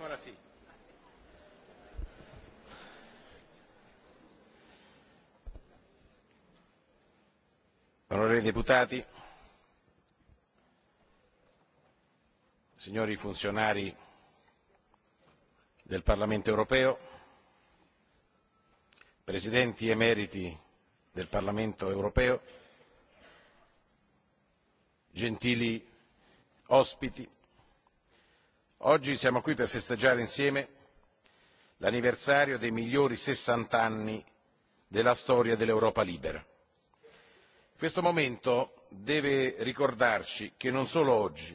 Ahora sí. Onorevoli deputati, signori funzionari del Parlamento europeo, presidenti emeriti del Parlamento europeo, gentili ospiti, Oggi siamo qui per festeggiare insieme l'anniversario dei migliori anni della storia dell'Europa libera. Questo momento deve ricordarci che non solo oggi,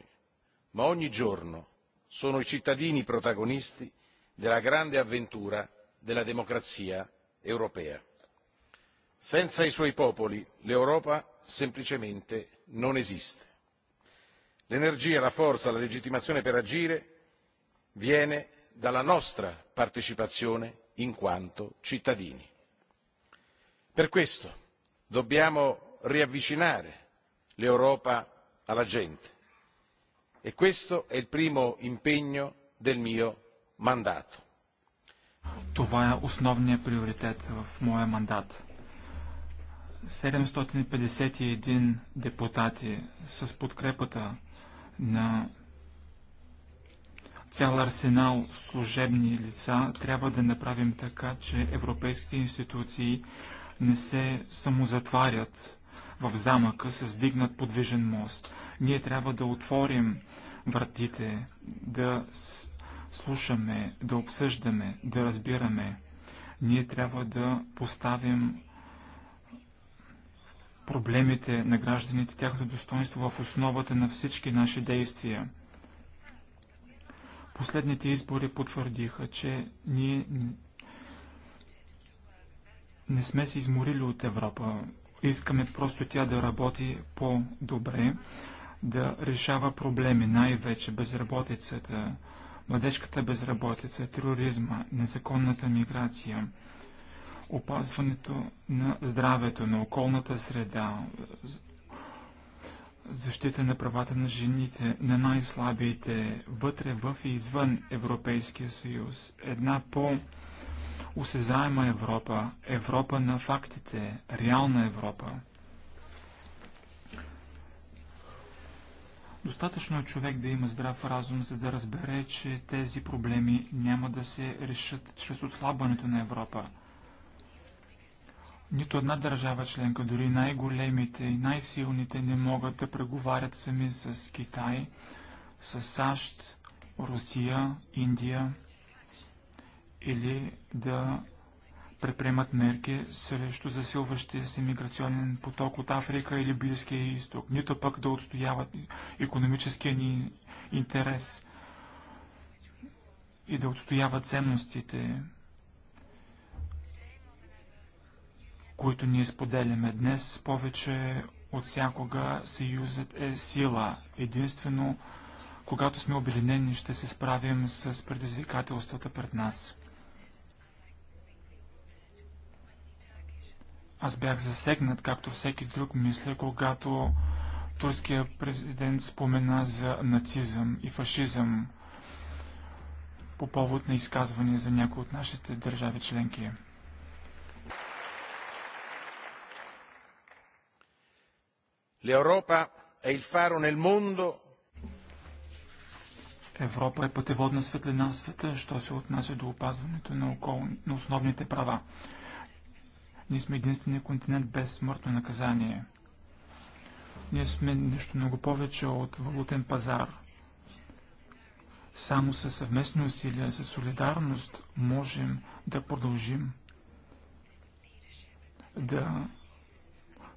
ma ogni giorno sono i cittadini protagonisti della grande avventura della democrazia europea. Senza i suoi popoli l'Europa semplicemente non esiste. L'energia, la forza, la legittimazione per agire viene dalla nostra partecipazione in quanto cittadini. Per questo dobbiamo riavvicinare l'Europa alla gente e questo è il primo impegno del mio mandato. Това е основният приоритет в моя мандат. 751 депутати с подкрепата на цял арсенал служебни лица, трябва да направим така, че европейските институции не се самозатварят в замъка с дигнат подвижен мост. Ние трябва да отворим вратите, да слушаме, да обсъждаме, да разбираме. Ние трябва да поставим проблемите на гражданите, тяхното достоинство в основата на всички наши действия – Последните избори потвърдиха, че ние не сме се изморили от Европа. Искаме просто тя да работи по-добре, да решава проблеми, най-вече безработицата, младежката безработица, тероризма, незаконната миграция, опазването на здравето, на околната среда, защита на правата на жените, на най-слабите, вътре, в и извън Европейския съюз. Една по-осезаема Европа, Европа на фактите, реална Европа. Достатъчно е човек да има здрав разум, за да разбере, че тези проблеми няма да се решат чрез отслабването на Европа – нито една държава членка, дори най-големите и най-силните не могат да преговарят сами с Китай, с САЩ, Русия, Индия или да предприемат мерки срещу засилващия се миграционен поток от Африка или Близкия изток, нито пък да отстояват економическия ни интерес и да отстояват ценностите които ние споделяме днес, повече от всякога съюзът е сила. Единствено, когато сме обединени, ще се справим с предизвикателствата пред нас. Аз бях засегнат, както всеки друг, мисля, когато турския президент спомена за нацизъм и фашизъм по повод на изказване за някои от нашите държави членки. L'Europa è il faro nel mondo. Европа е пътеводна светлина в света, що се отнася до опазването на, окол... на основните права. Ние сме единствения континент без смъртно наказание. Ние сме нещо много повече от валутен пазар. Само със съвместни усилия, със солидарност можем да продължим да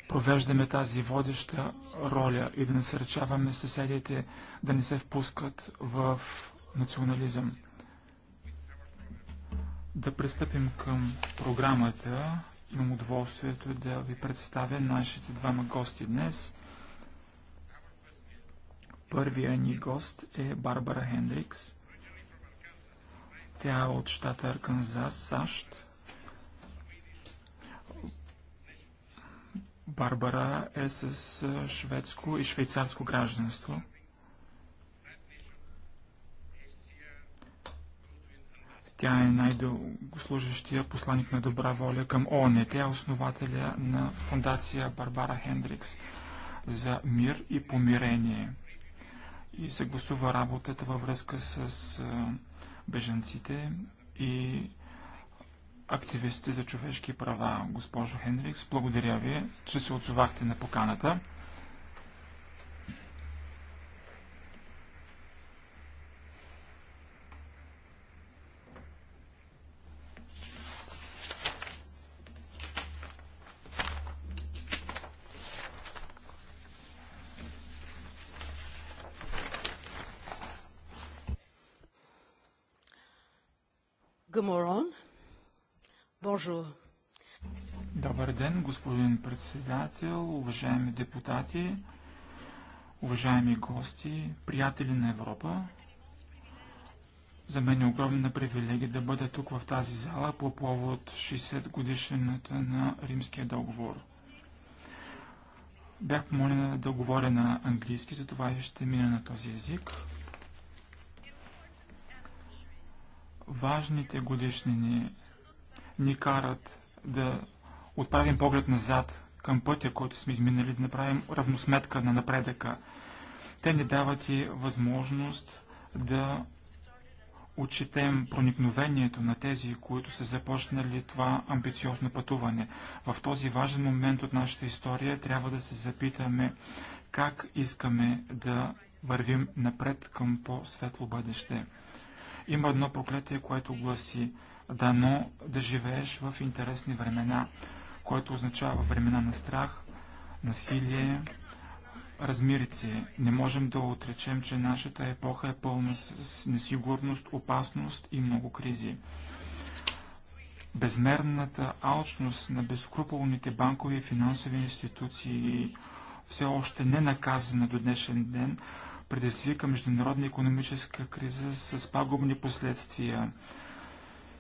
провеждаме тази водеща роля и да насърчаваме съседите да не се впускат в национализъм. Да пристъпим към програмата. Имам удоволствието да ви представя нашите двама гости днес. Първия ни гост е Барбара Хендрикс. Тя е от щата Арканзас, САЩ. Барбара е с шведско и швейцарско гражданство. Тя е най-дългослужащия посланник на добра воля към ООН. Тя е основателя на фундация Барбара Хендрикс за мир и помирение. И съгласува работата във връзка с беженците и активисти за човешки права, госпожо Хендрикс. Благодаря ви, че се отзовахте на поканата. председател, уважаеми депутати, уважаеми гости, приятели на Европа. За мен е огромна привилегия да бъда тук в тази зала по повод 60 годишната на Римския договор. Бях помолена да говоря на английски, затова и ще мина на този език. Важните годишни ни ни карат да отправим поглед назад към пътя, който сме изминали, да направим равносметка на напредъка. Те ни дават и възможност да отчетем проникновението на тези, които са започнали това амбициозно пътуване. В този важен момент от нашата история трябва да се запитаме как искаме да вървим напред към по-светло бъдеще. Има едно проклетие, което гласи дано да живееш в интересни времена което означава времена на страх, насилие, размирици. Не можем да отречем, че нашата епоха е пълна с несигурност, опасност и много кризи. Безмерната алчност на безкруполните банкови и финансови институции, все още не наказана до днешен ден, предизвика международна економическа криза с пагубни последствия.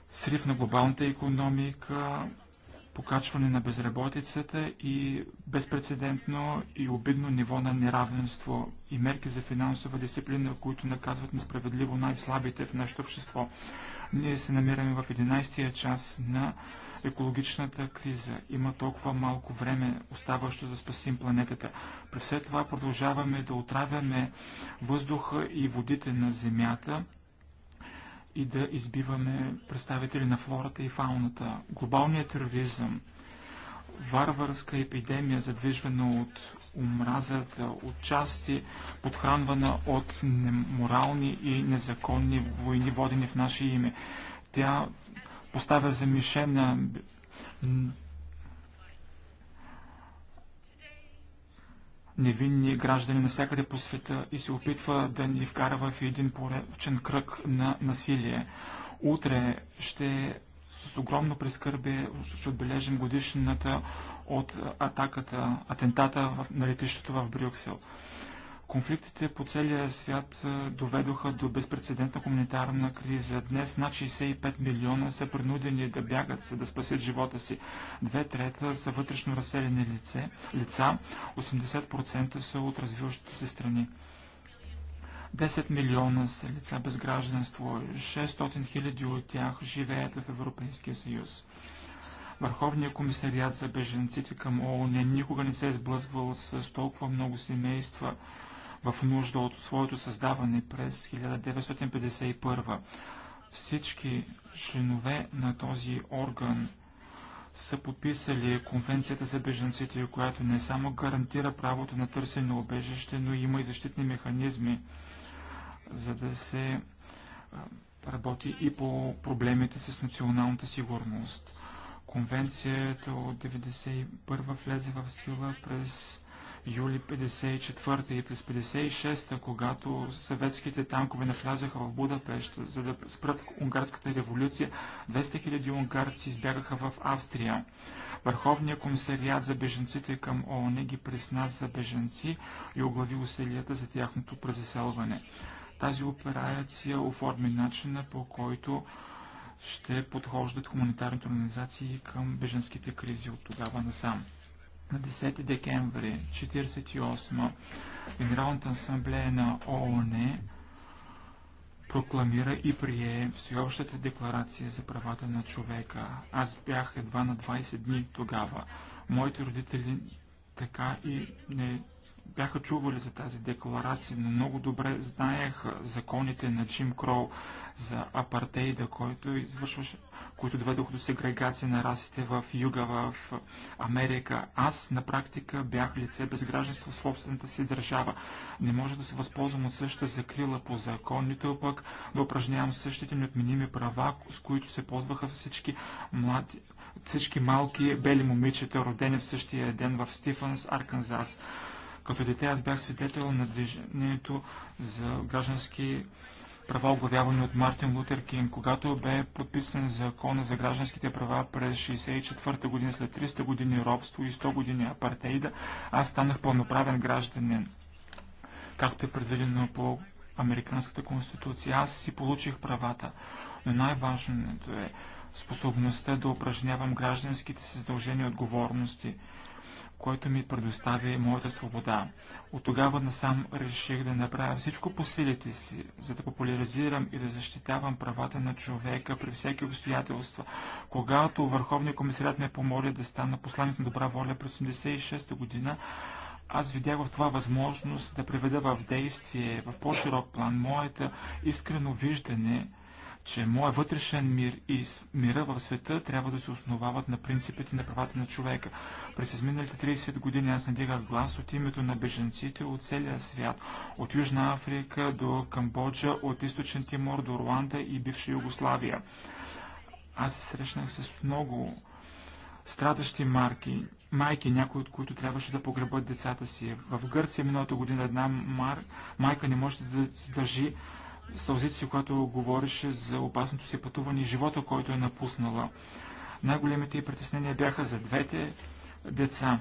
Срив на глобалната економика, покачване на безработицата и безпредседентно и обидно ниво на неравенство и мерки за финансова дисциплина, които наказват несправедливо най-слабите в нашето общество. Ние се намираме в 11-я час на екологичната криза. Има толкова малко време, оставащо за спасим планетата. При все това продължаваме да отравяме въздуха и водите на Земята, и да избиваме представители на флората и фауната. Глобалният тероризъм, варварска епидемия, задвижвана от омразата, от части, подхранвана от неморални и незаконни войни, водени в наше име. Тя поставя за мишена невинни граждани навсякъде по света и се опитва да ни вкарва в един поречен кръг на насилие. Утре ще с огромно прескърбие ще отбележим годишната от атаката, атентата в, на летището в Брюксел. Конфликтите по целия свят е, доведоха до безпредседентна хуманитарна криза. Днес над 65 милиона са принудени да бягат, за да спасят живота си. Две трета са вътрешно разселени лице, лица, 80% са от развиващите се страни. 10 милиона са лица без гражданство, 600 хиляди от тях живеят в Европейския съюз. Върховният комисариат за беженците към ООН никога не се е сблъсквал с толкова много семейства – в нужда от своето създаване през 1951. Всички членове на този орган са подписали Конвенцията за беженците, която не само гарантира правото на търсене на обежище, но има и защитни механизми, за да се работи и по проблемите с националната сигурност. Конвенцията от 1991 влезе в сила през юли 54 и през 56 когато съветските танкове навлязаха в Будапешт, за да спрат унгарската революция, 200 000 унгарци избягаха в Австрия. Върховният комисариат за беженците към ООН ги призна за беженци и оглави усилията за тяхното презаселване. Тази операция оформи начина по който ще подхождат хуманитарните организации към беженските кризи от тогава насам на 10 декември 1948 Генералната асамблея на ООН прокламира и прие Всеобщата декларация за правата на човека. Аз бях едва на 20 дни тогава. Моите родители така и не бяха чували за тази декларация, но много добре знаеха законите на Джим Кроу за апартейда, който извършваше, които доведоха до сегрегация на расите в юга, в Америка. Аз на практика бях лице без гражданство в собствената си държава. Не може да се възползвам от същата закрила по закон, нито пък да упражнявам същите неотменими права, с които се ползваха всички млади, всички малки бели момичета, родени в същия ден в Стифънс, Арканзас. Като дете аз бях свидетел на движението за граждански права, оглавявани от Мартин Лутер Кинг. Когато бе подписан закона за гражданските права през 1964 година, след 300 години робство и 100 години апартеида, аз станах пълноправен гражданин, както е предвидено по Американската конституция. Аз си получих правата, но най-важното е способността да упражнявам гражданските си задължения и отговорности – който ми предостави моята свобода. От тогава насам реших да направя всичко по силите си, за да популяризирам и да защитавам правата на човека при всеки обстоятелства. Когато Върховният комисарят ме помоли да стана посланник на добра воля през 1986 година, аз видях в това възможност да приведа в действие, в по-широк план, моята искрено виждане – че моят вътрешен мир и мира в света трябва да се основават на принципите на правата на човека. През изминалите 30 години аз надигах глас от името на беженците от целия свят, от Южна Африка до Камбоджа, от Източен Тимор до Руанда и бивша Югославия. Аз се срещнах с много страдащи марки, майки, някои от които трябваше да погребат децата си. В Гърция миналата година една мар... майка не може да държи сълзици, когато говореше за опасното си пътуване и живота, който е напуснала. Най-големите й притеснения бяха за двете деца.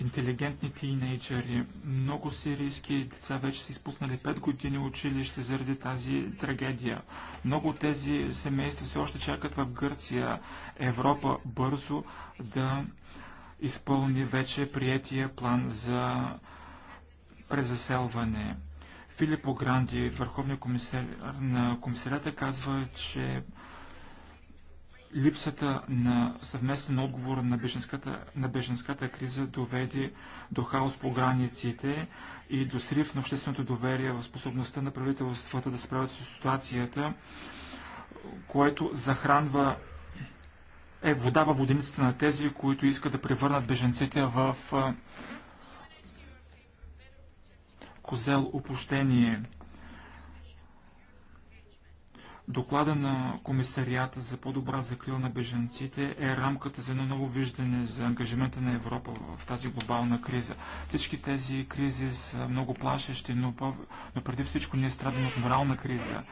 Интелигентни тинейджери. Много сирийски деца вече са изпуснали 5 години училище заради тази трагедия. Много от тези семейства все още чакат в Гърция Европа бързо да изпълни вече приятия план за презаселване. Филипо Гранди, върховния комисар на комисарята, казва, че липсата на съвместен отговор на беженската, на беженската криза доведе до хаос по границите и до срив на общественото доверие в способността на правителствата да справят с ситуацията, което захранва е вода във воденицата на тези, които искат да превърнат беженците в козел опущение. Доклада на Комисарията за по-добра закрила на беженците е рамката за едно ново виждане за ангажимента на Европа в тази глобална криза. Всички тези кризи са много плашещи, но, но преди всичко ние страдаме от морална криза.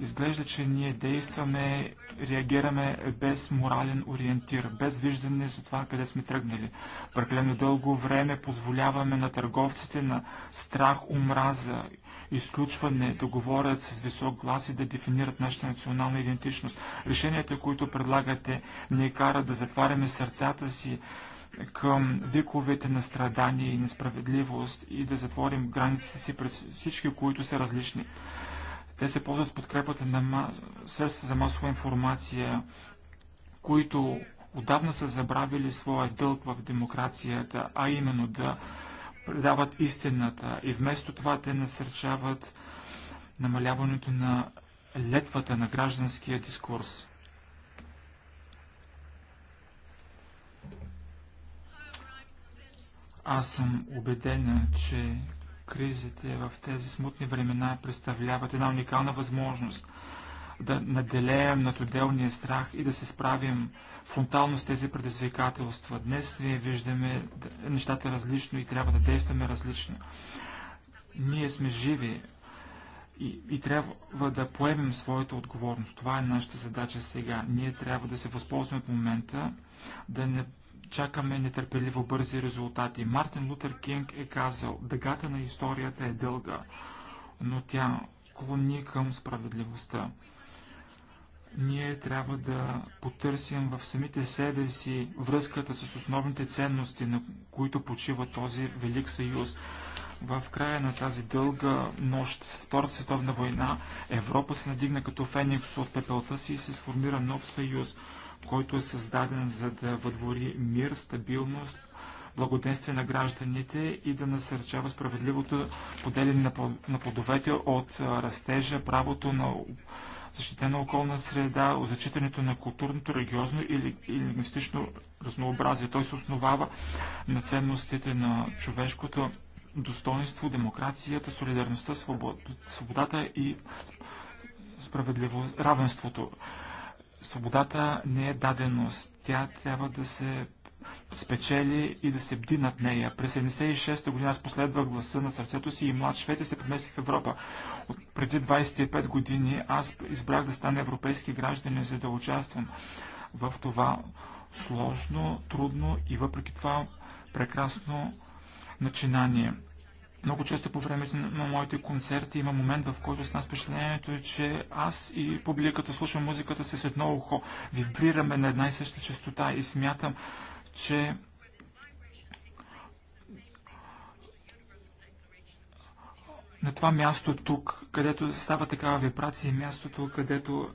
Изглежда, че ние действаме, реагираме без морален ориентир, без виждане за това къде сме тръгнали. Прекалено дълго време позволяваме на търговците на страх, омраза, изключване да говорят с висок глас и да дефинират нашата национална идентичност. Решенията, които предлагате, ни карат да затваряме сърцата си към виковете на страдание и несправедливост и да затворим границите си пред всички, които са различни. Те се ползват с подкрепата на средства за масова информация, които отдавна са забравили своя дълг в демокрацията, а именно да предават истината. И вместо това те насърчават намаляването на летвата на гражданския дискурс. Аз съм убедена, че кризите в тези смутни времена представляват една уникална възможност да наделеем над отделния страх и да се справим фронтално с тези предизвикателства. Днес ние виждаме нещата различно и трябва да действаме различно. Ние сме живи и, и трябва да поемем своята отговорност. Това е нашата задача сега. Ние трябва да се възползваме от момента, да не Чакаме нетърпеливо бързи резултати. Мартин Лутер Кинг е казал, дъгата на историята е дълга, но тя клони към справедливостта. Ние трябва да потърсим в самите себе си връзката с основните ценности, на които почива този Велик съюз. В края на тази дълга нощ, Втората световна война, Европа се надигна като феникс от пепелта си и се сформира нов съюз – който е създаден за да въдвори мир, стабилност, благоденствие на гражданите и да насърчава справедливото поделяне на плодовете от растежа, правото на защитена околна среда, зачитането на културното, религиозно или, лингвистично разнообразие. Той се основава на ценностите на човешкото достоинство, демокрацията, солидарността, свободата и справедливо, равенството. Свободата не е даденост. Тя трябва да се спечели и да се бди над нея. През 76-та година аз последвах гласа на сърцето си и млад швед и е се преместих в Европа. От преди 25 години аз избрах да стана европейски гражданин, за да участвам в това сложно, трудно и въпреки това прекрасно начинание. Много често по времето на моите концерти има момент, в който с нас впечатлението е, че аз и публиката слушам музиката с едно ухо. Вибрираме на една и съща частота и смятам, че на това място тук, където става такава вибрация, мястото, където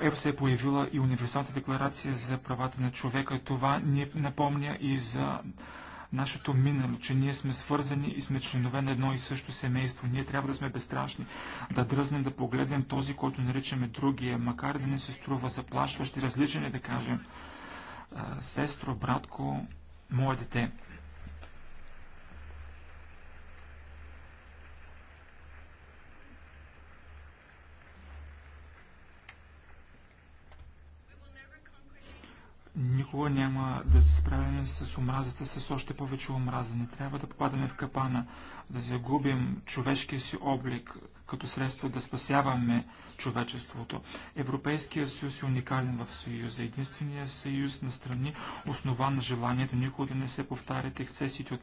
ЕР се е появила и Универсалната декларация за правата на човека, това ни напомня и за нашето минало, че ние сме свързани и сме членове на едно и също семейство. Ние трябва да сме безстрашни, да дръзнем да погледнем този, който наричаме другия, макар да не се струва заплашващ и различен е да кажем сестро, братко, мое дете. Никога няма да се справим с омразата, с още повече омраза. Не трябва да попадаме в капана, да загубим човешкия си облик като средство да спасяваме човечеството. Европейския съюз е уникален в съюза. Единственият съюз на страни, основан на желанието никога да не се повтарят ексцесиите от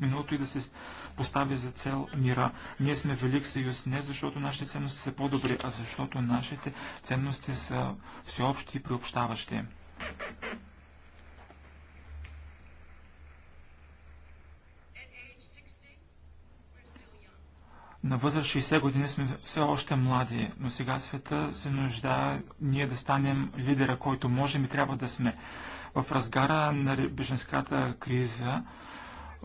миналото и да се постави за цел мира. Ние сме велик съюз не защото нашите ценности са по-добри, а защото нашите ценности са всеобщи и приобщаващи. На възраст 60 години сме все още млади, но сега света се нуждае ние да станем лидера, който можем и трябва да сме. В разгара на беженската криза,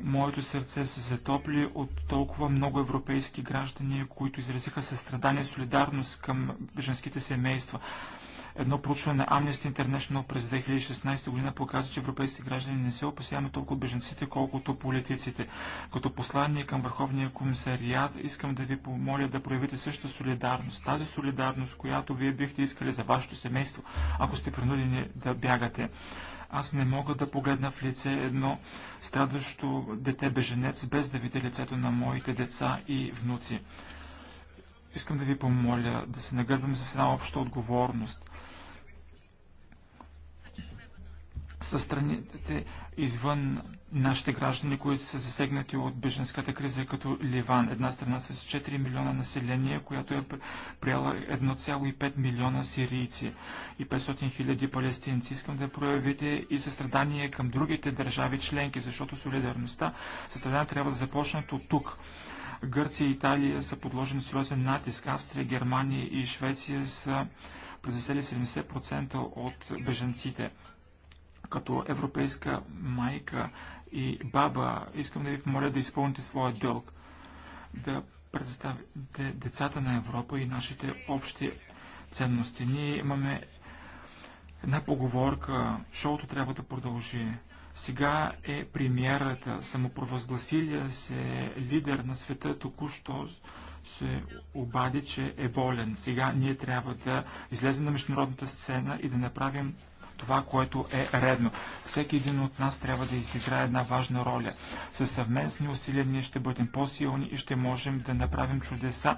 моето сърце се затопли от толкова много европейски граждани, които изразиха състрадание и солидарност към беженските семейства. Едно проучване на Amnesty International през 2016 година показва, че европейските граждани не се опасяваме толкова от беженците, колкото политиците. Като послание към Върховния комисариат искам да ви помоля да проявите същата солидарност. Тази солидарност, която вие бихте искали за вашето семейство, ако сте принудени да бягате. Аз не мога да погледна в лице едно страдащо дете-беженец, без да видя лицето на моите деца и внуци. Искам да ви помоля да се нагърбим с една обща отговорност. са страните извън нашите граждани, които са засегнати от беженската криза, като Ливан. Една страна с 4 милиона население, която е приела 1,5 милиона сирийци и 500 хиляди палестинци. Искам да проявите и състрадание към другите държави членки, защото солидарността, състрадание трябва да започнат от тук. Гърция и Италия са подложени сериозен натиск. Австрия, Германия и Швеция са презасели 70% от беженците. Като европейска майка и баба, искам да ви помоля да изпълните своя дълг, да представите децата на Европа и нашите общи ценности. Ние имаме една поговорка, шоуто трябва да продължи. Сега е премиерата, самопровъзгласилия се лидер на света току-що се обади, че е болен. Сега ние трябва да излезем на международната сцена и да направим това, което е редно. Всеки един от нас трябва да изиграе една важна роля. Със съвместни усилия ние ще бъдем по-силни и ще можем да направим чудеса,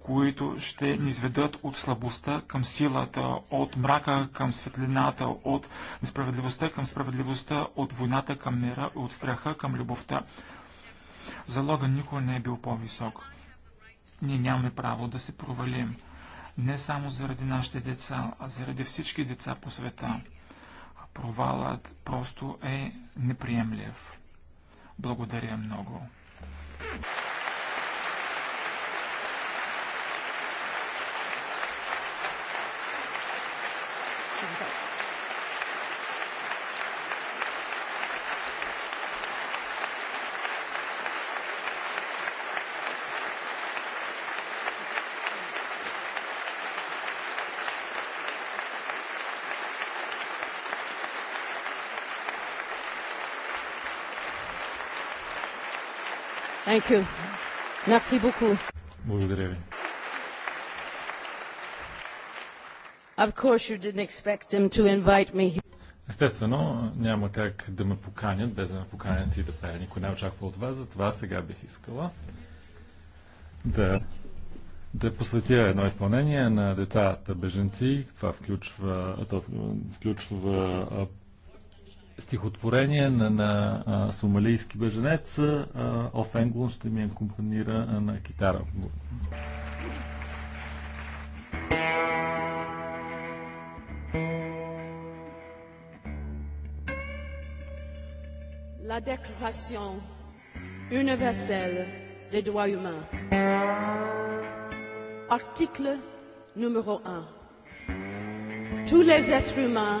които ще ни изведат от слабостта към силата, от мрака към светлината, от несправедливостта към справедливостта, от войната към мира, от страха към любовта. Залога никога не е бил по-висок. Ние нямаме право да се провалим не само заради нашите деца, а заради всички деца по света. Провалът просто е неприемлив. Благодаря много. Thank you. Thank you. Merci beaucoup. Благодаря ви. Of course you didn't expect him to invite me. Естествено, няма как да ме поканят, без да ме поканят и да пея. Никой не очаква от вас, затова сега бих искала да, да посветя едно изпълнение на децата беженци. Това включва, то включва стихотворение на, на а, сомалийски беженец Оф Енглон ще ми акомпанира на китара. La Déclaration universelle des droits humains. Article numéro 1. Tous les êtres humains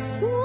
So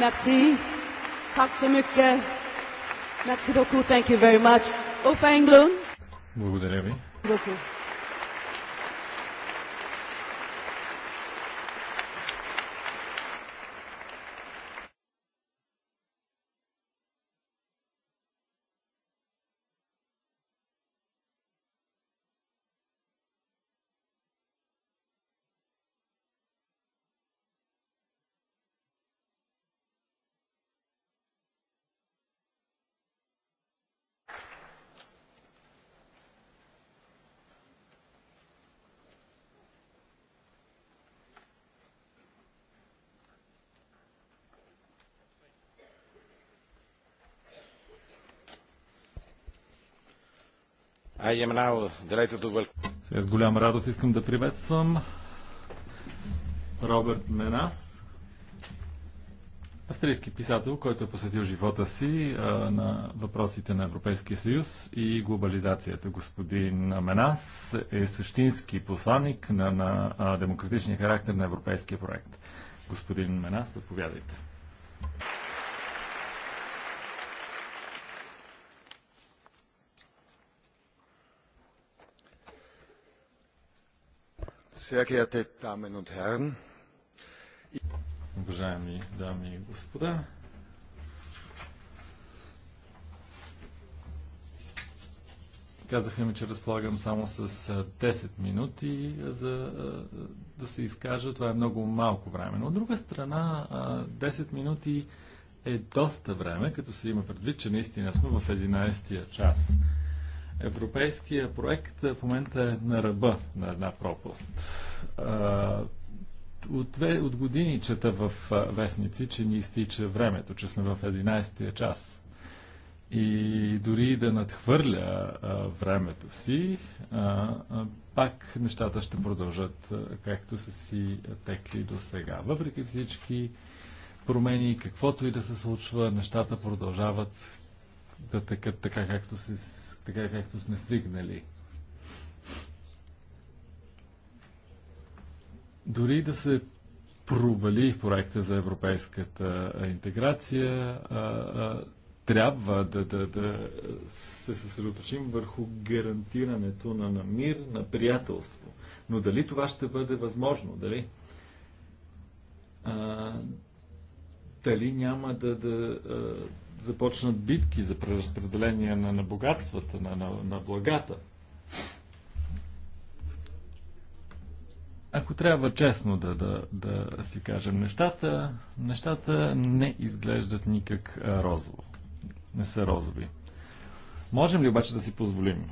Merci. Tack så mycket. Merci beaucoup. Thank you very much. Uffe Englund. Благодаря ви. Beaucoup. С голяма радост искам да приветствам Робърт Менас, австрийски писател, който е посветил живота си а, на въпросите на Европейския съюз и глобализацията. Господин Менас е същински посланник на, на демократичния характер на европейския проект. Господин Менас, заповядайте. Sehr geehrte Damen und Herren, Уважаеми дами и господа, казаха ми, че разполагам само с 10 минути за да се изкажа. Това е много малко време. Но от друга страна, 10 минути е доста време, като се има предвид, че наистина сме в 11-я час. Европейския проект в момента е на ръба на една пропаст. От, две, от години чета в вестници, че ни изтича времето, че сме в 11 тия час. И дори да надхвърля а, времето си, а, а, пак нещата ще продължат а, както са си текли до сега. Въпреки всички промени, каквото и да се случва, нещата продължават да текат така, както са така както сме свикнали. Дори да се провали проекта за европейската интеграция, трябва да, да, да се съсредоточим върху гарантирането на, на мир, на приятелство. Но дали това ще бъде възможно? Дали? А, дали няма да, да а, започнат битки за преразпределение на, на богатствата, на, на, на благата. Ако трябва честно да, да, да си кажем нещата, нещата не изглеждат никак розово. Не са розови. Можем ли обаче да си позволим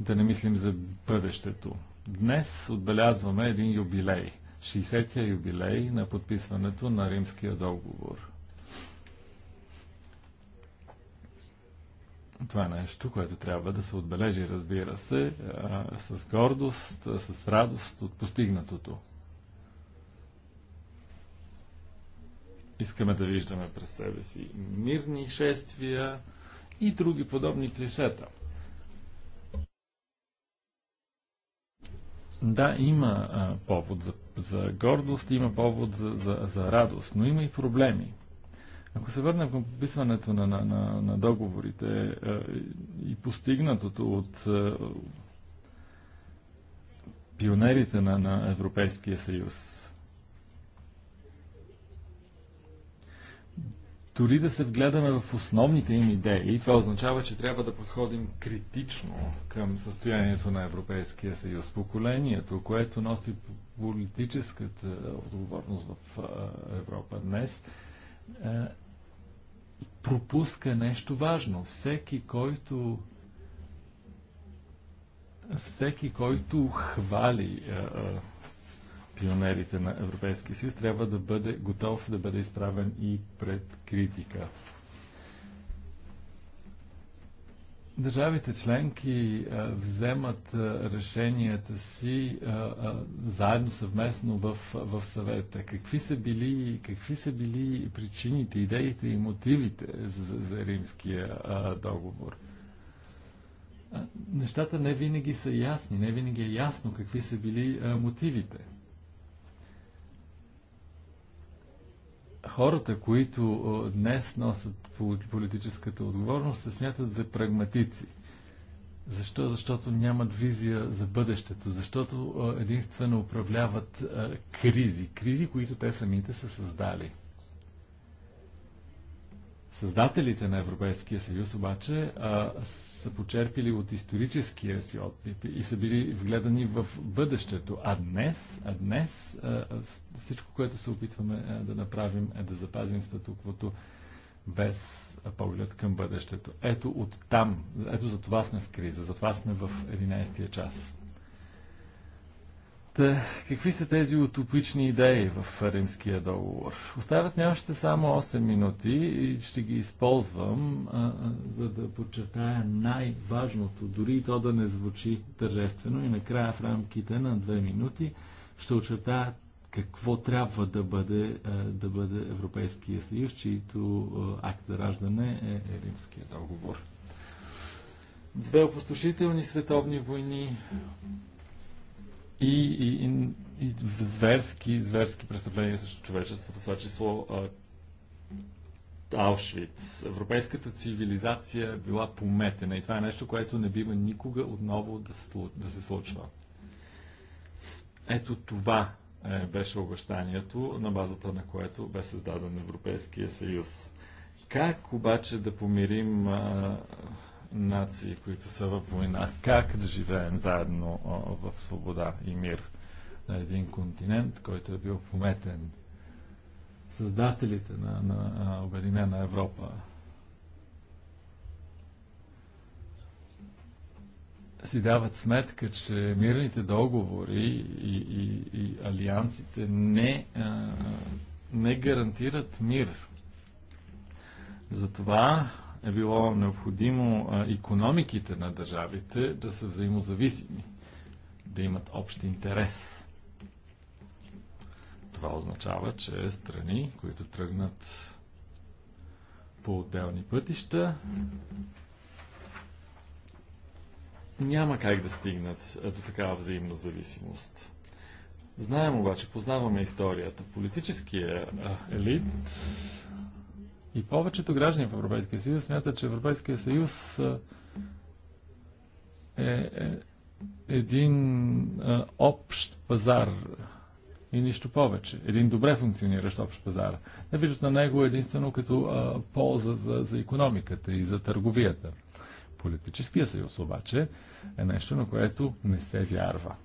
да не мислим за бъдещето? Днес отбелязваме един юбилей. 60-я юбилей на подписването на Римския договор – Това е нещо, което трябва да се отбележи, разбира се, с гордост, с радост от постигнатото. Искаме да виждаме през себе си мирни шествия и други подобни клишета. Да, има повод за, за гордост, има повод за, за, за радост, но има и проблеми. Ако се върнем към подписването на, на, на, на договорите е, и постигнатото от е, пионерите на, на Европейския съюз, дори да се вгледаме в основните им идеи, това означава, че трябва да подходим критично към състоянието на Европейския съюз. Поколението, което носи политическата отговорност в е, Европа днес, пропуска нещо важно. Всеки, който всеки, който хвали а, а, пионерите на Европейския съюз, трябва да бъде готов да бъде изправен и пред критика. Държавите членки а, вземат а, решенията си а, заедно съвместно в, в съвета. Какви са, били, какви са били причините, идеите и мотивите за, за римския договор? Нещата не винаги са ясни, не винаги е ясно какви са били мотивите. хората, които днес носят политическата отговорност, се смятат за прагматици. Защо? Защото нямат визия за бъдещето, защото единствено управляват е, кризи, кризи, които те самите са създали. Създателите на Европейския съюз обаче а, са почерпили от историческия си опит и са били вгледани в бъдещето. А днес, а днес а, всичко, което се опитваме а, да направим е да запазим статуквото без поглед към бъдещето. Ето от там, ето за това сме в криза, за това сме в 11 тия час. Та, е, какви са тези утопични идеи в Римския договор? Остават ми още само 8 минути и ще ги използвам, а, а, за да подчертая най-важното, дори и то да не звучи тържествено. И накрая в рамките на 2 минути ще очертая какво трябва да бъде, а, е, да бъде Европейския съюз, чието е, акт за раждане е, е Римския договор. Две опустошителни световни войни и, и, и, и зверски, зверски престъпления срещу човечеството, в това число Аушвиц. Европейската цивилизация е била пометена и това е нещо, което не бива никога отново да, слу... да се случва. Ето това е, беше обещанието, на базата на което бе създаден Европейския съюз. Как обаче да помирим а, нации, които са във война. Как да живеем заедно в свобода и мир на един континент, който е бил пометен? Създателите на, на Обединена Европа си дават сметка, че мирните договори и, и, и алиансите не, а, не гарантират мир. Затова е било необходимо економиките на държавите да са взаимозависими, да имат общ интерес. Това означава, че страни, които тръгнат по отделни пътища, няма как да стигнат до такава взаимозависимост. Знаем обаче, познаваме историята. Политическия елит и повечето граждани в Европейския съюз смятат, че Европейския съюз е, е, един общ пазар и нищо повече. Един добре функциониращ общ пазар. Не виждат на него единствено като полза за, за економиката и за търговията. Политическия съюз обаче е нещо, на което не се вярва.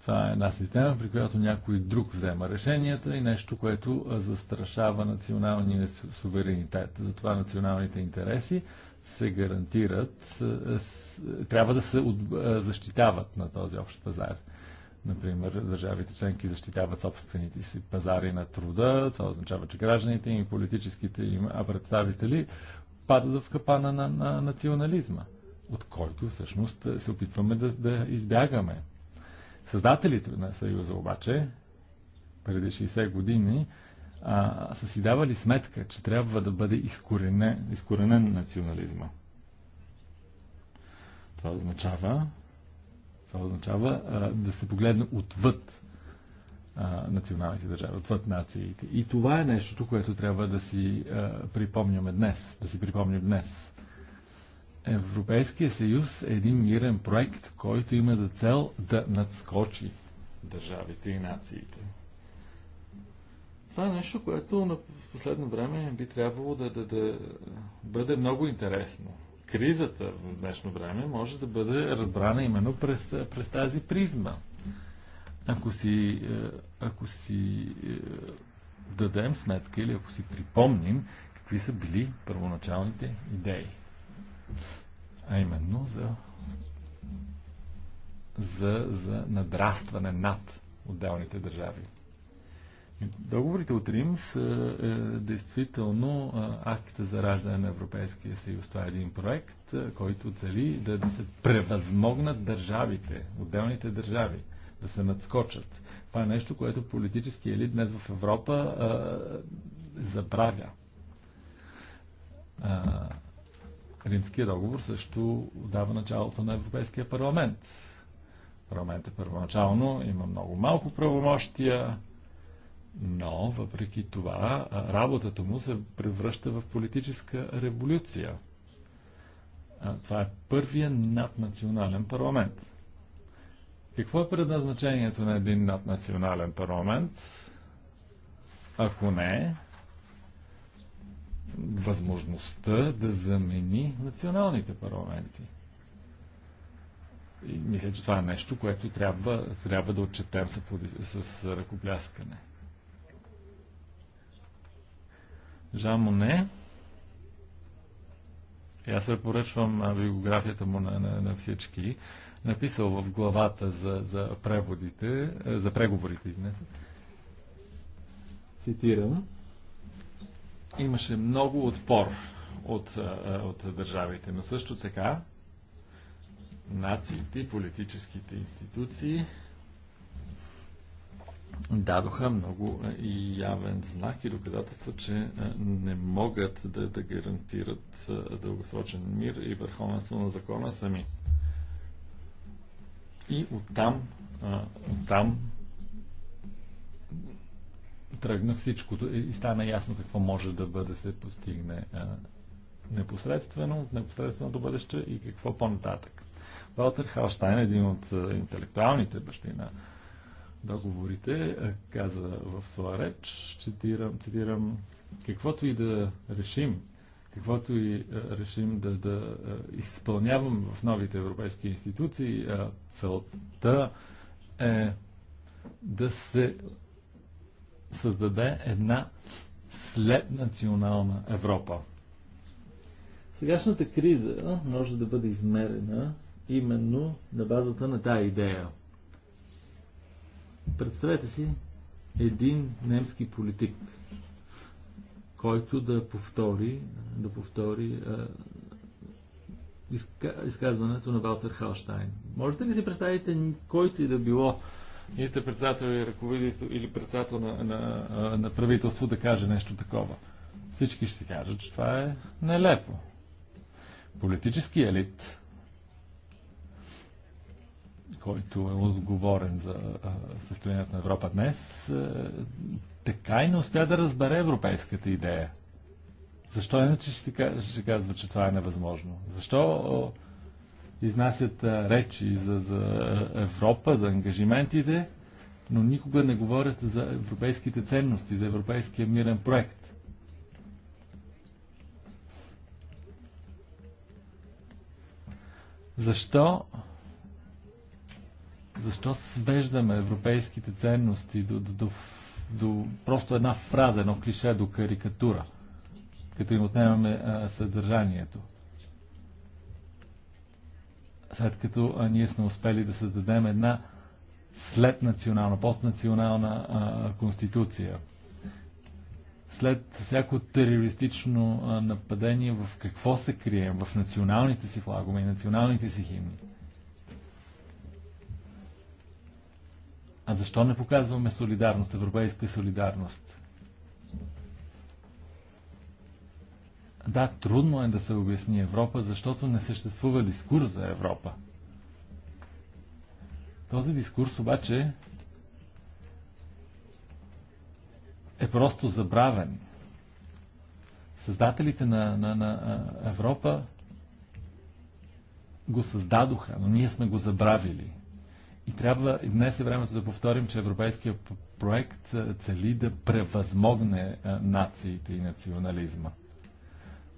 Това е една система, при която някой друг взема решенията и нещо, което застрашава националния суверенитет. Затова националните интереси се гарантират, трябва да се защитават на този общ пазар. Например, държавите членки защитават собствените си пазари на труда. Това означава, че гражданите им и политическите им представители падат в капана на, на национализма, от който всъщност се опитваме да, да избягаме. Създателите на Съюза обаче, преди 60 години, а, са си давали сметка, че трябва да бъде изкоренен, изкоренен национализма. Това означава, това означава а, да се погледне отвъд а, националните държави, отвъд нациите. И това е нещото, което трябва да си а, припомняме днес, да си припомним днес. Европейския съюз е един мирен проект, който има за цел да надскочи държавите и нациите. Това е нещо, което на последно време би трябвало да, да, да бъде много интересно. Кризата в днешно време може да бъде разбрана именно през, през тази призма. Ако си, е, ако си е, дадем сметка или ако си припомним какви са били първоначалните идеи а именно за, за, за надрастване над отделните държави. Договорите от Рим са е, действително е, акт за раждане на Европейския съюз. Това е един проект, е, който цели да, да се превъзмогнат държавите, отделните държави, да се надскочат. Това е нещо, което политически елит днес в Европа е, забравя. Е, Римския договор също дава началото на Европейския парламент. Парламентът е първоначално има много малко правомощия, но въпреки това работата му се превръща в политическа революция. Това е първия наднационален парламент. Какво е предназначението на един наднационален парламент? Ако не, възможността да замени националните парламенти. И мисля, че това е нещо, което трябва, трябва да отчетем с, с ръкопляскане. Жан Моне. И аз препоръчвам биографията му на, на, на всички. Написал в главата за, за преводите, за преговорите, извинете. Цитирам имаше много отпор от, от държавите, но също така нациите и политическите институции дадоха много явен знак и доказателство, че не могат да, да гарантират дългосрочен мир и върховенство на закона сами. И оттам, оттам тръгна всичкото и стана ясно какво може да бъде се постигне непосредствено, в непосредственото бъдеще и какво по-нататък. Валтер Халштайн, един от интелектуалните бащи на договорите, каза в своя реч, цитирам, цитирам, каквото и да решим, каквото и решим да, да изпълнявам в новите европейски институции, целта е да се създаде една следнационална Европа. Сегашната криза може да бъде измерена именно на базата на тази идея. Представете си един немски политик, който да повтори, да повтори е, изказването на Валтер Халштайн. Можете ли си представите който и да било министър-председател или ръководител или председател на, на, на правителство да каже нещо такова. Всички ще кажат, че това е нелепо. Политически елит, който е отговорен за състоянието на Европа днес, е, така и не успя да разбере европейската идея. Защо иначе ще, ще казва, че това е невъзможно? Защо изнасят речи за, за Европа, за ангажиментите, но никога не говорят за европейските ценности, за европейския мирен проект. Защо? Защо свеждаме европейските ценности до, до, до, до просто една фраза, едно клише, до карикатура, като им отнемаме а, съдържанието? след като а, ние сме успели да създадем една след национална, постнационална а, конституция. След всяко терористично а, нападение, в какво се крием? В националните си флагове и националните си химни. А защо не показваме солидарност, европейска солидарност? Да, трудно е да се обясни Европа, защото не съществува дискурс за Европа. Този дискурс обаче е просто забравен. Създателите на, на, на Европа го създадоха, но ние сме го забравили. И трябва, и днес е времето да повторим, че европейския проект цели да превъзмогне нациите и национализма.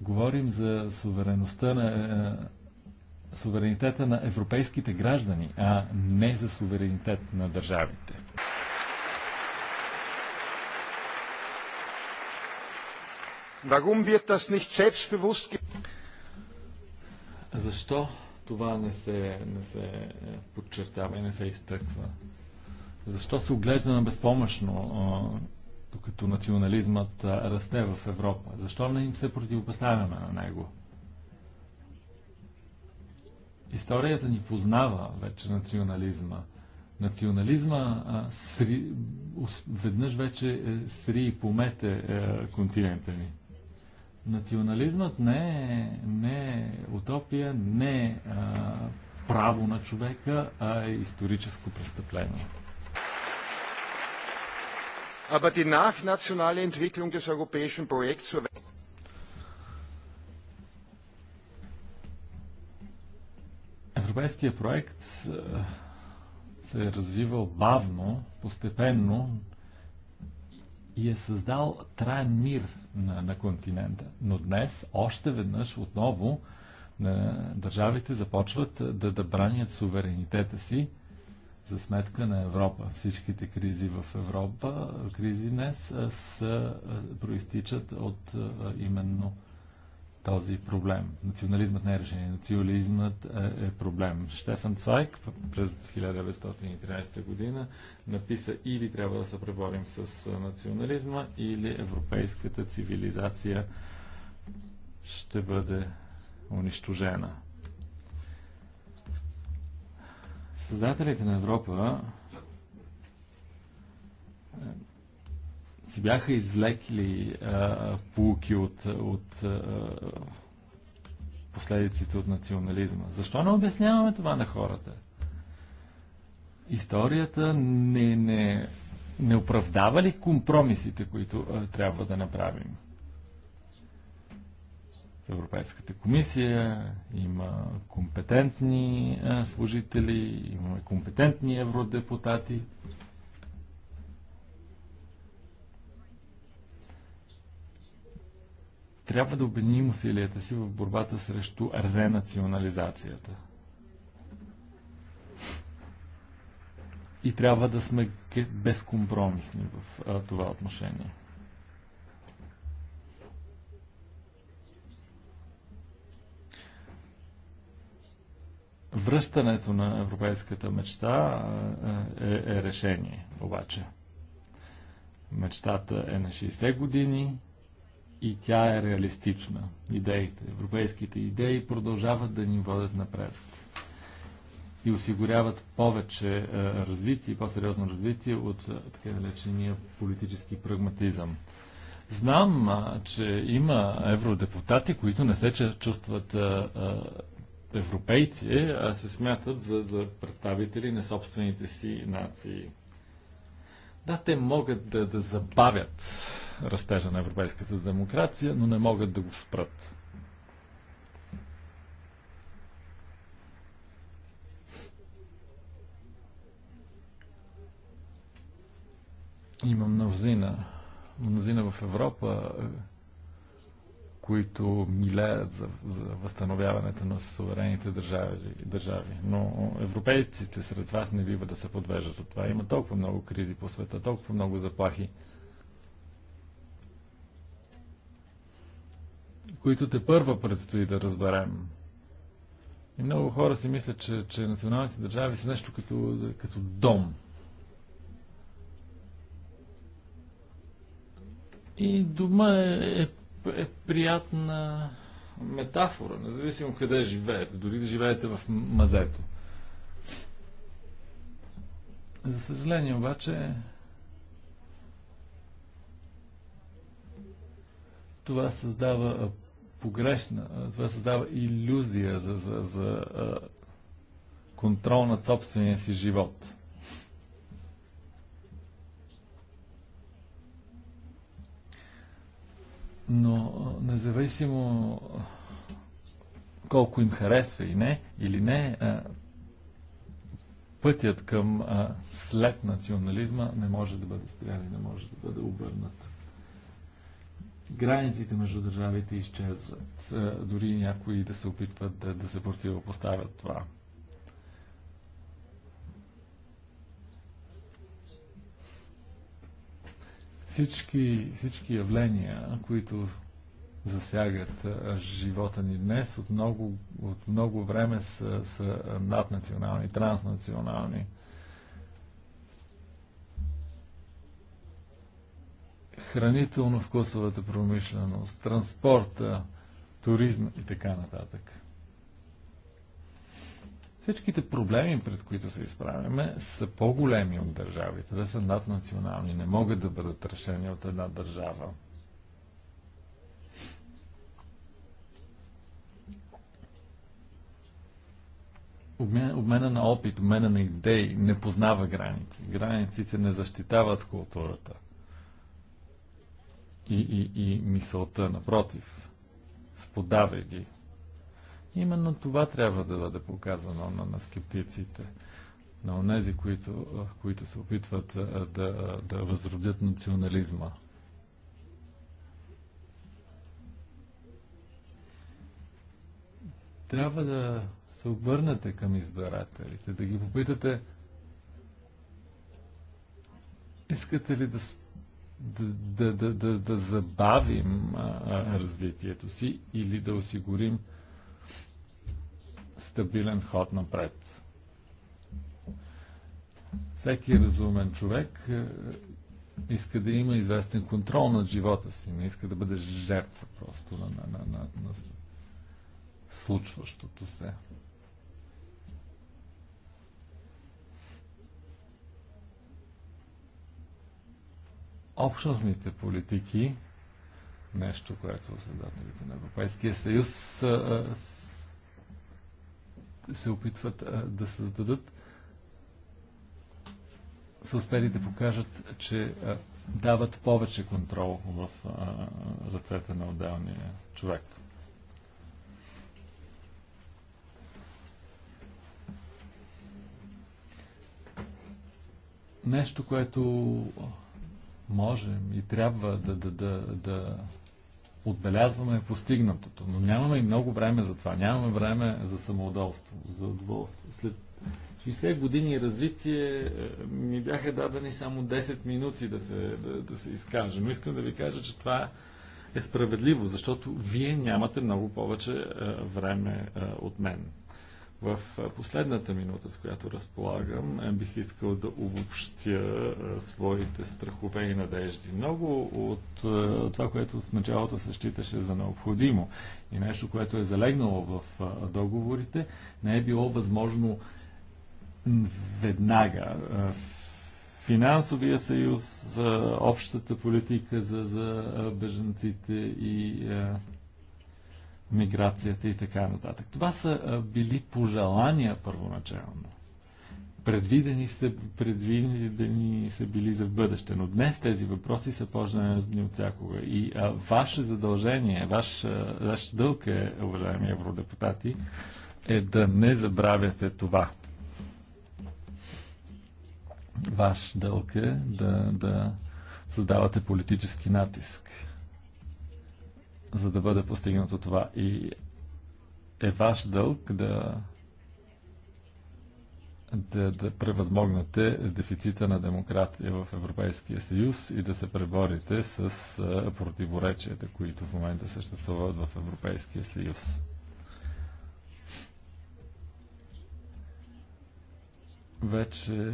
Говорим за сувереността на е, е, суверенитета на европейските граждани, а не за суверенитет на държавите. Защо това не се, не се е, подчертава и не се изтъква? Защо се оглежда на безпомощно докато национализмът расте в Европа. Защо не им се противопоставяме на него? Историята ни познава вече национализма. Национализма а, сри, веднъж вече е, сри и помете е, континента ни. Национализмът не е, не е утопия, не е а, право на човека, а е историческо престъпление. Aber die nachnationale Entwicklung des europäischen Projekts zur Европейския проект е, се е развивал бавно, постепенно и е създал траен мир на, на континента. Но днес, още веднъж, отново, държавите започват да, да бранят суверенитета си за сметка на Европа. Всичките кризи в Европа, кризи днес, са, проистичат от именно този проблем. Национализмът не е решение. Национализмът е, проблем. Штефан Цвайк през 1913 година написа или трябва да се преборим с национализма, или европейската цивилизация ще бъде унищожена. Създателите на Европа е, си бяха извлекли а, е, полуки от, от а, е, последиците от национализма. Защо не обясняваме това на хората? Историята не, не, не оправдава ли компромисите, които а, трябва да направим? Европейската комисия, има компетентни служители, имаме компетентни евродепутати. Трябва да обединим усилията си в борбата срещу ренационализацията. И трябва да сме безкомпромисни в това отношение. Връщането на европейската мечта е, е решение, обаче. Мечтата е на 60 години и тя е реалистична. Идеите, европейските идеи продължават да ни водят напред и осигуряват повече е, развитие, по-сериозно развитие от така наречения политически прагматизъм. Знам, че има евродепутати, които не се чувстват европейци, а се смятат за, за представители на собствените си нации. Да, те могат да, да забавят растежа на европейската демокрация, но не могат да го спрат. Има мнозина, мнозина в Европа, които милеят за, за възстановяването на суверените държави, държави. Но европейците сред вас не бива да се подвеждат от това. Има толкова много кризи по света, толкова много заплахи, които те първа предстои да разберем. И много хора си мислят, че, че националните държави са нещо като, като дом. И дома е, е е приятна метафора, независимо къде живеете, дори да живеете в мазето. За съжаление обаче, това създава погрешна, това създава иллюзия за, за, за контрол над собствения си живот. Но независимо колко им харесва и не, или не, пътят към след национализма не може да бъде спрян и не може да бъде обърнат. Границите между държавите изчезват, дори някои да се опитват да, да се противопоставят това. Всички, всички явления, които засягат живота ни днес, от много, от много време са, са наднационални, транснационални. Хранително-вкусовата промишленост, транспорта, туризма и така нататък. Всичките проблеми, пред които се изправяме, са по-големи от държавите. Те са наднационални, не могат да бъдат решени от една държава. Обмена на опит, обмена на идеи не познава граници. Границите не защитават културата и, и, и мисълта, напротив, сподава ги, Именно това трябва да бъде показано на, на скептиците, на онези, които, които се опитват да, да възродят национализма. Трябва да се обърнете към избирателите, да ги попитате искате ли да, да, да, да, да, да забавим а, развитието си или да осигурим стабилен ход напред. Всеки разумен човек е, иска да има известен контрол над живота си, не иска да бъде жертва просто на, на, на, на, на случващото се. Общностните политики, нещо, което следателите на Европейския съюз е, е, се опитват а, да създадат, са успели да покажат, че а, дават повече контрол в а, ръцете на отделния човек. Нещо, което можем и трябва да, да, да, да отбелязваме постигнатото, но нямаме и много време за това. Нямаме време за самоудолство, за удоволствие. След 60 години развитие е, ми бяха дадени само 10 минути да се, да, да се изкажа. Но искам да ви кажа, че това е справедливо, защото вие нямате много повече е, време е, от мен. В последната минута, с която разполагам, е, бих искал да обобщя своите страхове и надежди. Много от това, което в началото се считаше за необходимо и нещо, което е залегнало в договорите, не е било възможно веднага. Финансовия съюз, общата политика за, за беженците и миграцията и така нататък. Това са били пожелания първоначално. Предвидени са, предвидени са били за бъдеще, но днес тези въпроси са по-жени от всякога. И а, ваше задължение, ваш, ваш дълг е, уважаеми евродепутати, е да не забравяте това. Ваш дълг е да, да създавате политически натиск за да бъде постигнато това. И е ваш дълг да, да, да превъзмогнете дефицита на демокрация в Европейския съюз и да се преборите с противоречията, които в момента съществуват в Европейския съюз. Вече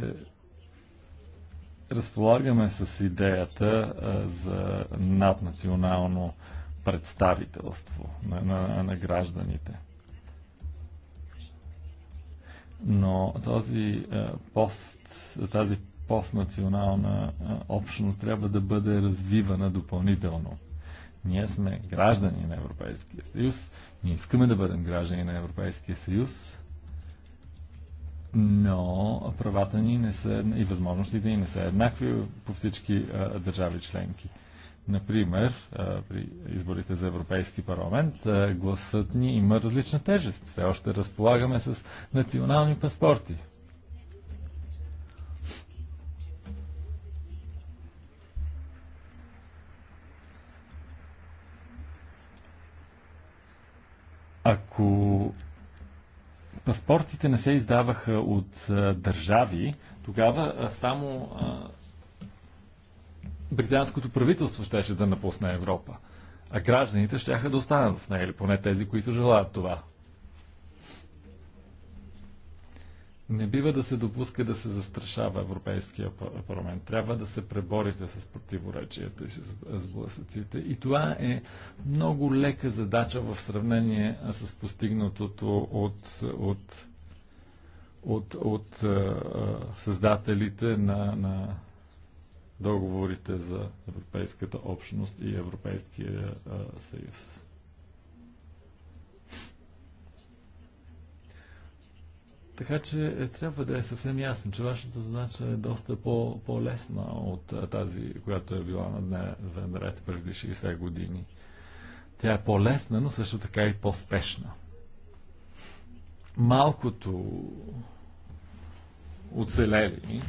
разполагаме с идеята а, за наднационално а, представителство на, на, на гражданите. Но този е, пост, тази постнационална е, общност трябва да бъде развивана допълнително. Ние сме граждани на Европейския съюз, ние искаме да бъдем граждани на Европейския съюз, но правата ни не са и възможностите ни не са еднакви по всички а, е, държави членки. Например, при изборите за Европейски парламент гласът ни има различна тежест. Все още разполагаме с национални паспорти. Ако паспортите не се издаваха от държави, тогава само британското правителство щеше да напусне Европа, а гражданите щяха да останат в нея, или поне тези, които желаят това. Не бива да се допуска да се застрашава Европейския парламент. Трябва да се преборите с противоречията и с блъсъците. И това е много лека задача в сравнение с постигнатото от, от, от, от, от създателите на, на договорите за Европейската общност и Европейския а, съюз. Така че е, трябва да е съвсем ясно, че вашата задача е доста по, по-лесна от тази, която е била на дневен ред преди 60 години. Тя е по-лесна, но също така и по-спешна. Малкото оцелели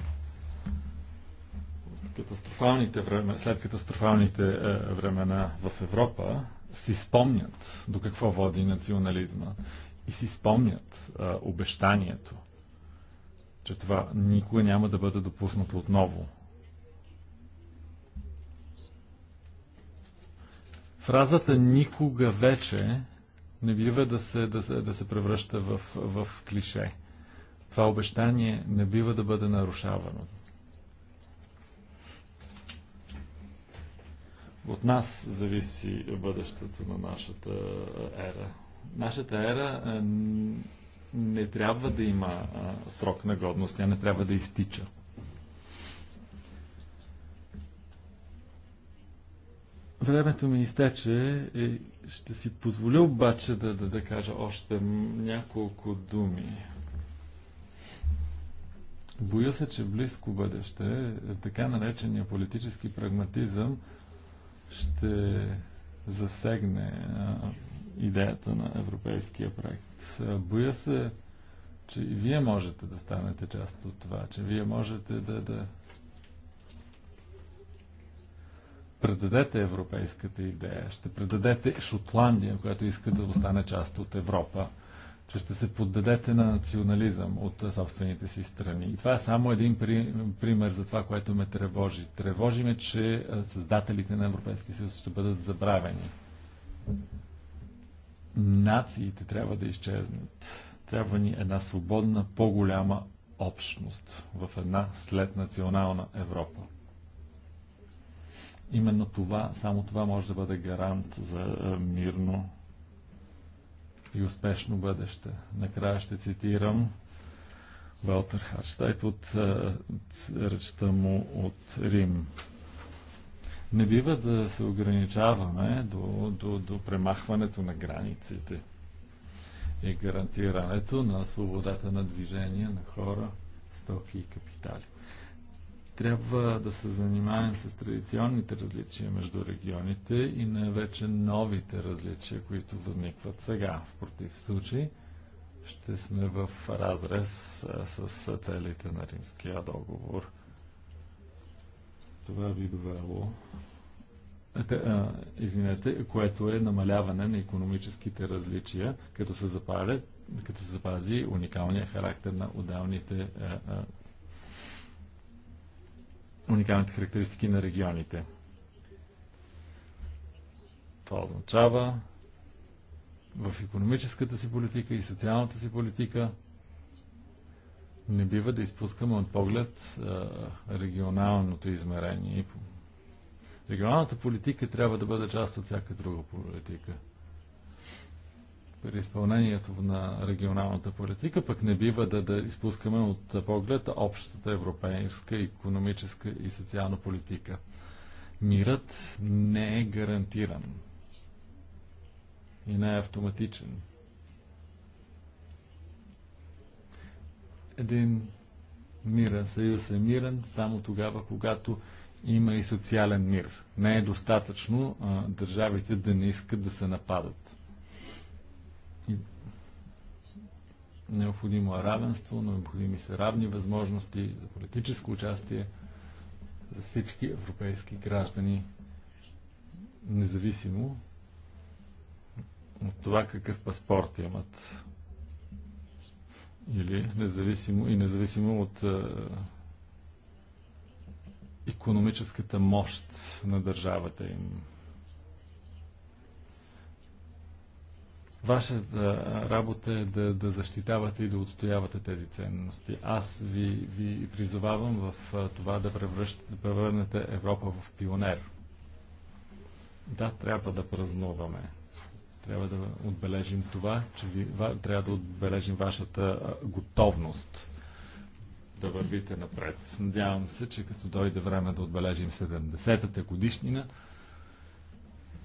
катастрофалните време, след катастрофалните е, времена в Европа си спомнят до какво води национализма и си спомнят е, обещанието, че това никога няма да бъде допуснато отново. Фразата никога вече не бива да се, да се, да се превръща в, в клише. Това обещание не бива да бъде нарушавано. От нас зависи бъдещето на нашата е, ера. Нашата ера е, не трябва да има е, срок на годност, тя не трябва да изтича. Времето ми изтече и ще си позволя обаче да, да, да кажа още няколко думи. Боя се, че близко бъдеще така наречения политически прагматизъм – ще засегне а, идеята на европейския проект. Боя се, че и вие можете да станете част от това, че вие можете да, да предадете европейската идея, ще предадете Шотландия, която иска да остане част от Европа че ще се поддадете на национализъм от собствените си страни. И това е само един при, пример за това, което ме тревожи. Тревожи ме, че е, създателите на Европейския съюз ще бъдат забравени. Нациите трябва да изчезнат. Трябва ни една свободна, по-голяма общност в една следнационална Европа. Именно това, само това може да бъде гарант за е, мирно и успешно бъдеще. Накрая ще цитирам Валтер Харштайт от е, речта му от Рим. Не бива да се ограничаваме до, до, до премахването на границите и гарантирането на свободата на движение на хора, стоки и капитали. Трябва да се занимаем с традиционните различия между регионите и най-вече новите различия, които възникват сега. В против случай ще сме в разрез с целите на Римския договор. Това би довело извинете, което е намаляване на економическите различия, като се, като се запази уникалния характер на отдалните уникалните характеристики на регионите. Това означава в економическата си политика и социалната си политика не бива да изпускаме от поглед регионалното измерение. Регионалната политика трябва да бъде част от всяка друга политика – при изпълнението на регионалната политика, пък не бива да, да изпускаме от поглед общата европейска, економическа и социална политика. Мирът не е гарантиран и не е автоматичен. Един мирен съюз е мирен само тогава, когато има и социален мир. Не е достатъчно а, държавите да не искат да се нападат. Необходимо е равенство, но необходими са равни възможности за политическо участие за всички европейски граждани, независимо от това какъв паспорт имат. Или независимо и независимо от економическата мощ на държавата им. Вашата работа е да, да защитавате и да отстоявате тези ценности. Аз ви, ви призовавам в това да, превръщ, да превърнете Европа в пионер. Да, трябва да празнуваме. Трябва да отбележим това, че ви, ва, трябва да отбележим вашата готовност да вървите напред. Надявам се, че като дойде време да отбележим 70-та годишнина,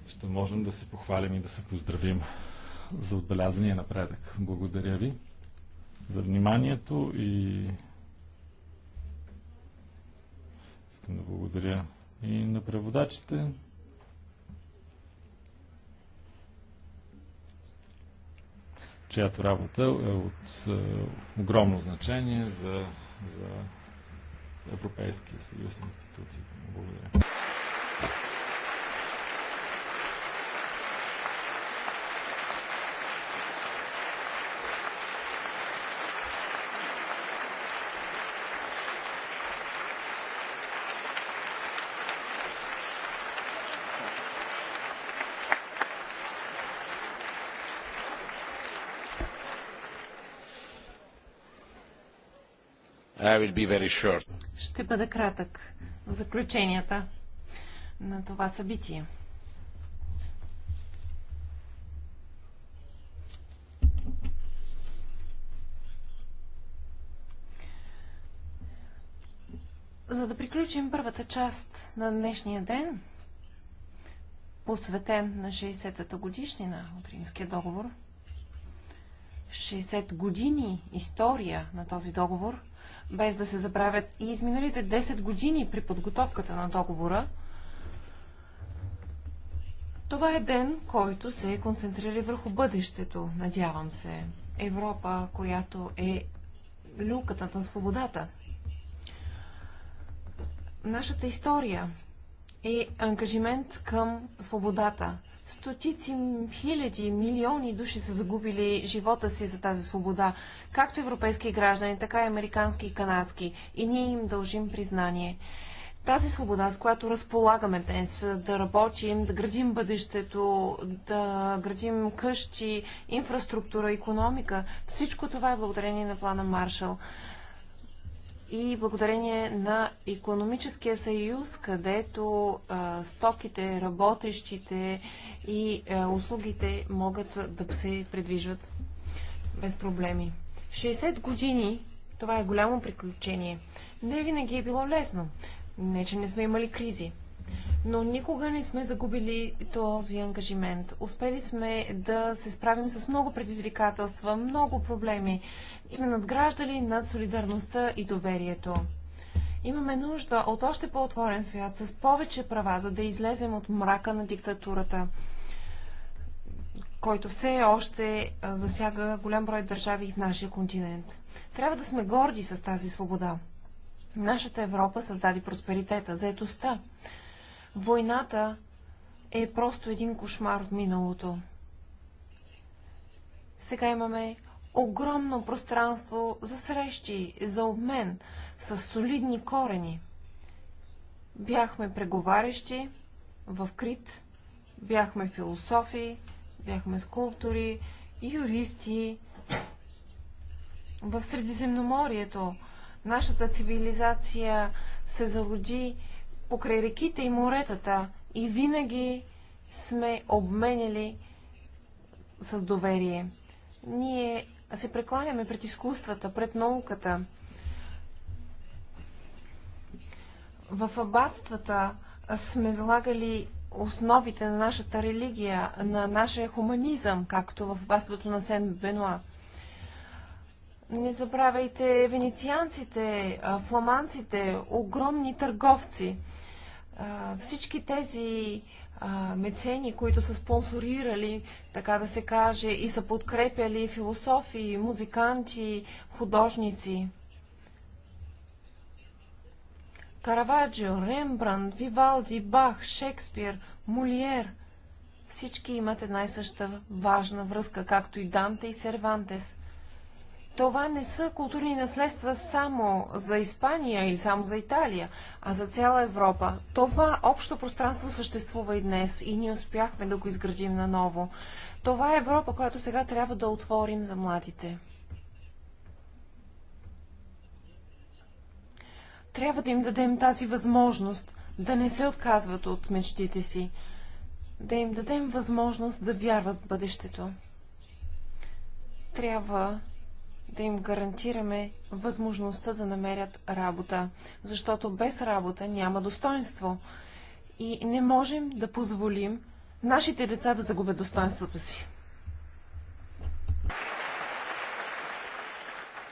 ще можем да се похвалим и да се поздравим за отбелязания напредък. Благодаря ви за вниманието и искам да благодаря и на преводачите. чиято работа е от е, огромно значение за, за Европейския съюз и институциите. Благодаря. Ще бъда кратък. Заключенията на това събитие. За да приключим първата част на днешния ден, посветен на 60-та годишнина от Римския договор, 60 години история на този договор – без да се забравят и изминалите 10 години при подготовката на договора. Това е ден, който се концентрира върху бъдещето, надявам се. Европа, която е люката на свободата. Нашата история е ангажимент към свободата – Стотици хиляди, милиони души са загубили живота си за тази свобода, както европейски граждани, така и американски и канадски. И ние им дължим признание. Тази свобода, с която разполагаме днес, да работим, да градим бъдещето, да градим къщи, инфраструктура, економика, всичко това е благодарение на плана Маршал и благодарение на економическия съюз, където а, стоките, работещите и а, услугите могат да се предвижват без проблеми. 60 години това е голямо приключение. Не винаги е било лесно. Не, че не сме имали кризи. Но никога не сме загубили този ангажимент. Успели сме да се справим с много предизвикателства, много проблеми и сме надграждали над солидарността и доверието. Имаме нужда от още по-отворен свят, с повече права, за да излезем от мрака на диктатурата, който все още засяга голям брой държави в нашия континент. Трябва да сме горди с тази свобода. Нашата Европа създаде просперитета, заетостта. Войната е просто един кошмар от миналото. Сега имаме огромно пространство за срещи, за обмен с солидни корени. Бяхме преговарящи в Крит, бяхме философи, бяхме скулптори, юристи. В Средиземноморието нашата цивилизация се зароди покрай реките и моретата и винаги сме обменяли с доверие. Ние се прекланяме пред изкуствата, пред науката. В аббатствата сме залагали основите на нашата религия, на нашия хуманизъм, както в аббатството на Сен Бенуа. Не забравяйте венецианците, фламанците, огромни търговци. Всички тези мецени, които са спонсорирали, така да се каже, и са подкрепяли философи, музиканти, художници. Караваджо, Рембранд, Вивалди, Бах, Шекспир, Молиер – всички имат една и съща важна връзка, както и Данте и Сервантес това не са културни наследства само за Испания или само за Италия, а за цяла Европа. Това общо пространство съществува и днес и ние успяхме да го изградим наново. Това е Европа, която сега трябва да отворим за младите. Трябва да им дадем тази възможност да не се отказват от мечтите си, да им дадем възможност да вярват в бъдещето. Трябва да им гарантираме възможността да намерят работа, защото без работа няма достоинство. И не можем да позволим нашите деца да загубят достоинството си.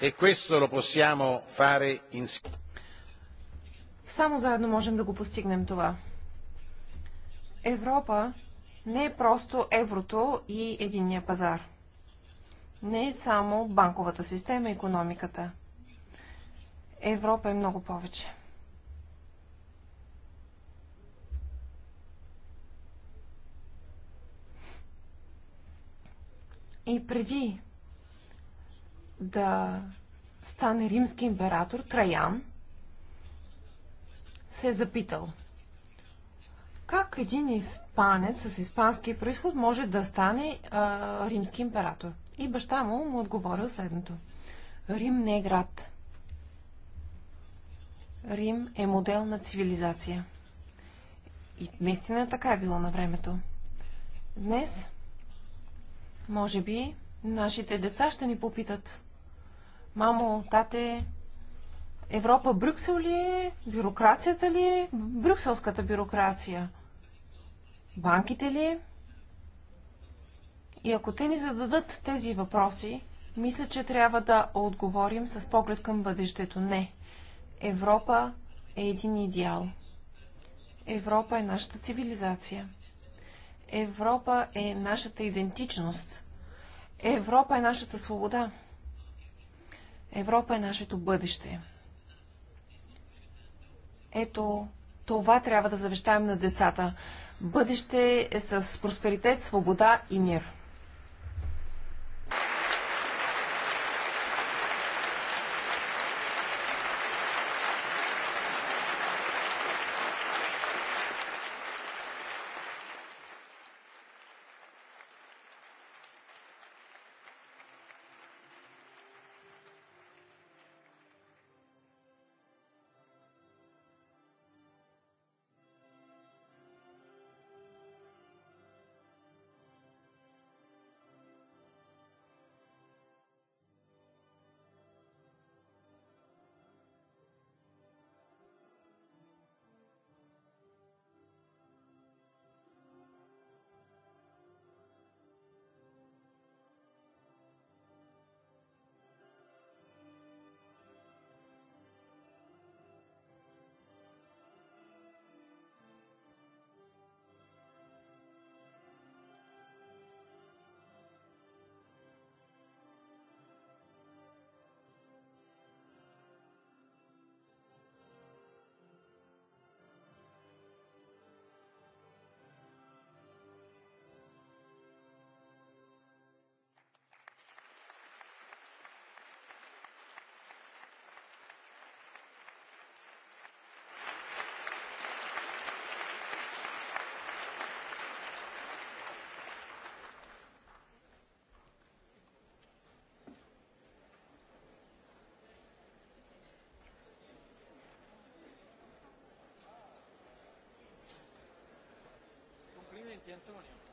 E questo lo possiamo fare insieme. Само заедно можем да го постигнем това. Европа не е просто еврото и единния пазар не само банковата система и економиката. Европа е много повече. И преди да стане римски император, Траян се е запитал как един испанец с испански происход може да стане а, римски император. И баща му му отговорил следното. Рим не е град. Рим е модел на цивилизация. И наистина така е било на времето. Днес, може би, нашите деца ще ни попитат. Мамо, тате, Европа Брюксел ли е? Бюрокрацията ли е? Брюкселската бюрокрация. Банките ли е? И ако те ни зададат тези въпроси, мисля, че трябва да отговорим с поглед към бъдещето. Не. Европа е един идеал. Европа е нашата цивилизация. Европа е нашата идентичност. Европа е нашата свобода. Европа е нашето бъдеще. Ето, това трябва да завещаем на децата. Бъдеще е с просперитет, свобода и мир. Presidente Antonio.